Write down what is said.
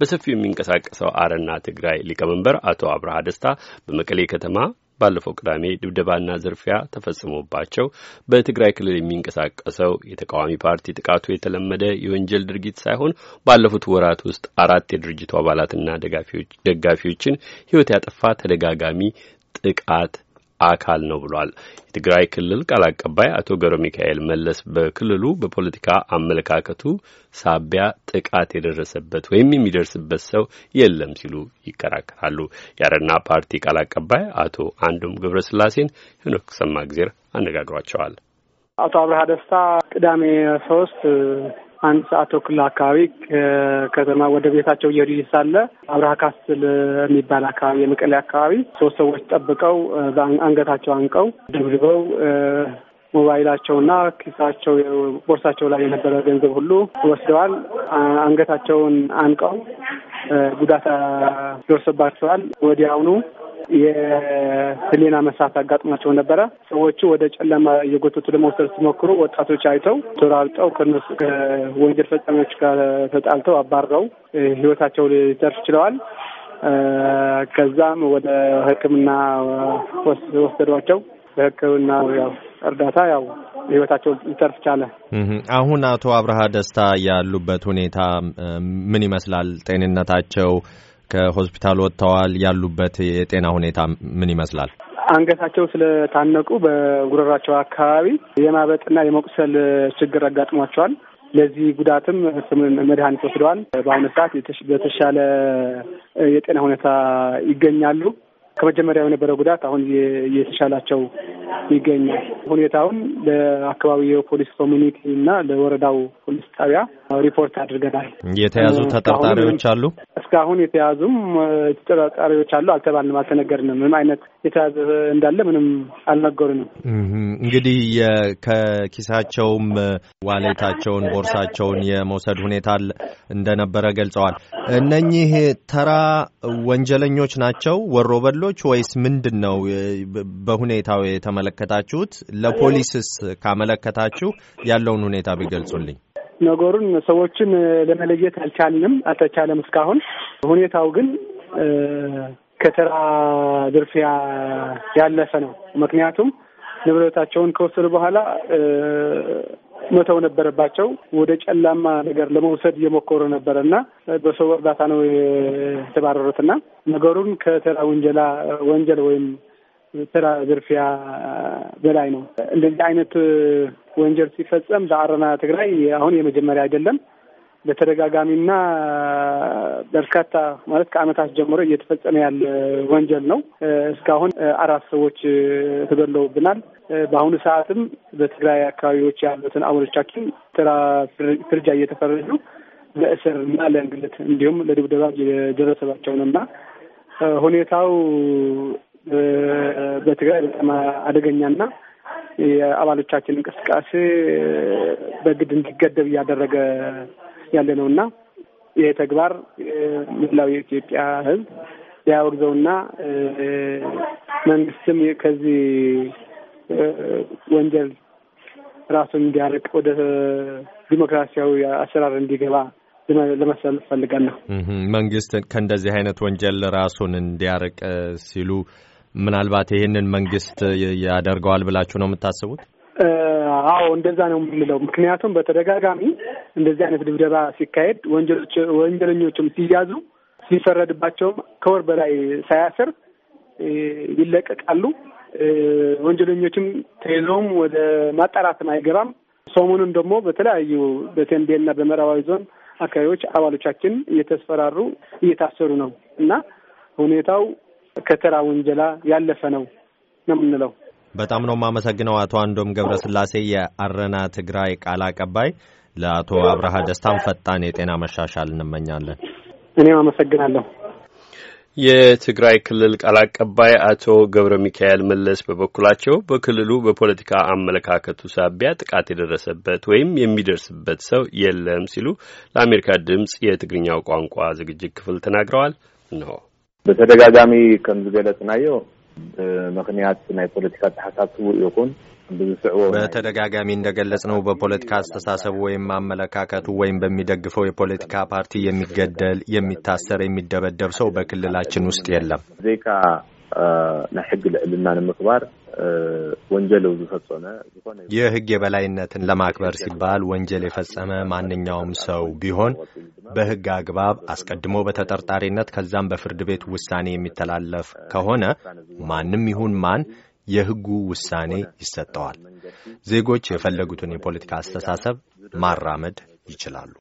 በሰፊው የሚንቀሳቀሰው አረና ትግራይ ሊቀመንበር አቶ አብርሃ ደስታ በመቀሌ ከተማ ባለፈው ቅዳሜ ድብደባና ዝርፊያ ተፈጽሞባቸው በትግራይ ክልል የሚንቀሳቀሰው የተቃዋሚ ፓርቲ ጥቃቱ የተለመደ የወንጀል ድርጊት ሳይሆን ባለፉት ወራት ውስጥ አራት የድርጅቱ አባላትና ደጋፊዎችን ሕይወት ያጠፋ ተደጋጋሚ ጥቃት አካል ነው ብሏል። የትግራይ ክልል ቃል አቀባይ አቶ ገብረ ሚካኤል መለስ በክልሉ በፖለቲካ አመለካከቱ ሳቢያ ጥቃት የደረሰበት ወይም የሚደርስበት ሰው የለም ሲሉ ይከራከራሉ። የአረና ፓርቲ ቃል አቀባይ አቶ አንዱም ገብረስላሴን ሄኖክ ጊዜር አነጋግሯቸዋል። አቶ አብርሃ ደስታ ቅዳሜ ሶስት አንድ ሰዓት ተኩል አካባቢ ከከተማ ወደ ቤታቸው እየሄዱ ሳለ አብርሃ ካስል የሚባል አካባቢ የመቀሌ አካባቢ ሶስት ሰዎች ጠብቀው አንገታቸው አንቀው ደብድበው ሞባይላቸውና ኪሳቸው ቦርሳቸው ላይ የነበረ ገንዘብ ሁሉ ወስደዋል። አንገታቸውን አንቀው ጉዳት ደርሶባቸዋል። ወዲያውኑ የህሊና መሳት አጋጥሟቸው ነበረ። ሰዎቹ ወደ ጨለማ እየጎተቱ ለመውሰድ ሲሞክሩ ወጣቶች አይተው ተራርጠው ከወንጀል ፈጻሚዎች ጋር ተጣልተው አባረው ህይወታቸው ሊተርፍ ችለዋል። ከዛም ወደ ህክምና ወሰዷቸው። በህክምና ያው እርዳታ ያው ህይወታቸው ሊተርፍ ቻለ። አሁን አቶ አብርሃ ደስታ ያሉበት ሁኔታ ምን ይመስላል? ጤንነታቸው ከሆስፒታል ወጥተዋል። ያሉበት የጤና ሁኔታ ምን ይመስላል? አንገታቸው ስለታነቁ በጉረራቸው አካባቢ የማበጥና የመቁሰል ችግር አጋጥሟቸዋል። ለዚህ ጉዳትም ስምን መድኃኒት ወስደዋል። በአሁኑ ሰዓት በተሻለ የጤና ሁኔታ ይገኛሉ። ከመጀመሪያው የነበረው ጉዳት አሁን እየተሻላቸው ይገኛል። ሁኔታውን ለአካባቢው የፖሊስ ኮሚኒቲ እና ለወረዳው ፖሊስ ጣቢያ ሪፖርት አድርገናል። የተያዙ ተጠርጣሪዎች አሉ። እስካሁን የተያዙም ተጠርጣሪዎች አሉ አልተባልንም፣ አልተነገርንም። ምንም አይነት የተያዘ እንዳለ ምንም አልነገሩንም። እንግዲህ ከኪሳቸውም ዋሌታቸውን፣ ቦርሳቸውን የመውሰድ ሁኔታ እንደነበረ ገልጸዋል። እነኚህ ተራ ወንጀለኞች ናቸው ወሮበሎች ወይስ ምንድን ነው? በሁኔታው የተመለከታችሁት ለፖሊስስ ካመለከታችሁ ያለውን ሁኔታ ቢገልጹልኝ። ነገሩን ሰዎችን ለመለየት አልቻልንም አልተቻለም እስካሁን። ሁኔታው ግን ከተራ ዝርፊያ ያለፈ ነው። ምክንያቱም ንብረታቸውን ከወሰዱ በኋላ መተው ነበረባቸው። ወደ ጨላማ ነገር ለመውሰድ እየሞከሩ ነበር እና በሰው እርዳታ ነው የተባረሩትና ነገሩን ከተራ ወንጀላ ወንጀል ወይም ዝርፊያ በላይ ነው። እንደዚህ አይነት ወንጀል ሲፈጸም በአረና ትግራይ አሁን የመጀመሪያ አይደለም። በተደጋጋሚና በርካታ ማለት ከአመታት ጀምሮ እየተፈጸመ ያለ ወንጀል ነው። እስካሁን አራት ሰዎች ተገለውብናል። በአሁኑ ሰዓትም በትግራይ አካባቢዎች ያሉትን አባሎቻችን ስራ ፍርጃ እየተፈረጁ ለእስር እና ለእንግልት እንዲሁም ለድብደባ እየደረሰባቸው ነው እና ሁኔታው በትግራይ በጣም አደገኛና የአባሎቻችን እንቅስቃሴ በግድ እንዲገደብ እያደረገ ያለ ነው እና ይህ ተግባር መላው የኢትዮጵያ ሕዝብ ሊያወግዘውና መንግስትም ከዚህ ወንጀል ራሱን እንዲያርቅ ወደ ዲሞክራሲያዊ አሰራር እንዲገባ ለመሰል እፈልጋለሁ። መንግስት ከእንደዚህ አይነት ወንጀል ራሱን እንዲያርቅ ሲሉ ምናልባት ይህንን መንግስት ያደርገዋል ብላችሁ ነው የምታስቡት? አዎ እንደዛ ነው የምንለው። ምክንያቱም በተደጋጋሚ እንደዚህ አይነት ድብደባ ሲካሄድ ወንጀለኞችም ሲያዙ ሲፈረድባቸውም ከወር በላይ ሳያስር ይለቀቃሉ። ወንጀለኞችም ተይዘውም ወደ ማጣራትም አይገባም። ሰሞኑን ደግሞ በተለያዩ በቴምቤና በምዕራባዊ ዞን አካባቢዎች አባሎቻችን እየተስፈራሩ እየታሰሩ ነው እና ሁኔታው ከተራ ውንጀላ ያለፈ ነው ነው የምንለው። በጣም ነው የማመሰግነው አቶ አንዶም ገብረስላሴ የአረና ትግራይ ቃል አቀባይ። ለአቶ አብርሃ ደስታም ፈጣን የጤና መሻሻል እንመኛለን። እኔም አመሰግናለሁ። የትግራይ ክልል ቃል አቀባይ አቶ ገብረ ሚካኤል መለስ በበኩላቸው በክልሉ በፖለቲካ አመለካከቱ ሳቢያ ጥቃት የደረሰበት ወይም የሚደርስበት ሰው የለም ሲሉ ለአሜሪካ ድምፅ የትግርኛው ቋንቋ ዝግጅት ክፍል ተናግረዋል ነው ብተደጋጋሚ ከም ዝገለጽናዮ ምክንያት ናይ ፖለቲካ ተሓሳስቡ ይኹን ብዝስዕቦ እንደገለጽ ነው በፖለቲካ አስተሳሰቡ ወይም አመለካከቱ ወይም በሚደግፈው የፖለቲካ ፓርቲ የሚገደል፣ የሚታሰር፣ የሚደበደብ ሰው በክልላችን ውስጥ የለም። ዜካ ናይ ሕጊ ልዕልና ንምክባር ወንጀል ዝፈጸመ ዝኾነ የሕግ የበላይነትን ለማክበር ሲባል ወንጀል የፈጸመ ማንኛውም ሰው ቢሆን በሕግ አግባብ አስቀድሞ በተጠርጣሪነት ከዛም በፍርድ ቤት ውሳኔ የሚተላለፍ ከሆነ ማንም ይሁን ማን የሕጉ ውሳኔ ይሰጠዋል። ዜጎች የፈለጉትን የፖለቲካ አስተሳሰብ ማራመድ ይችላሉ።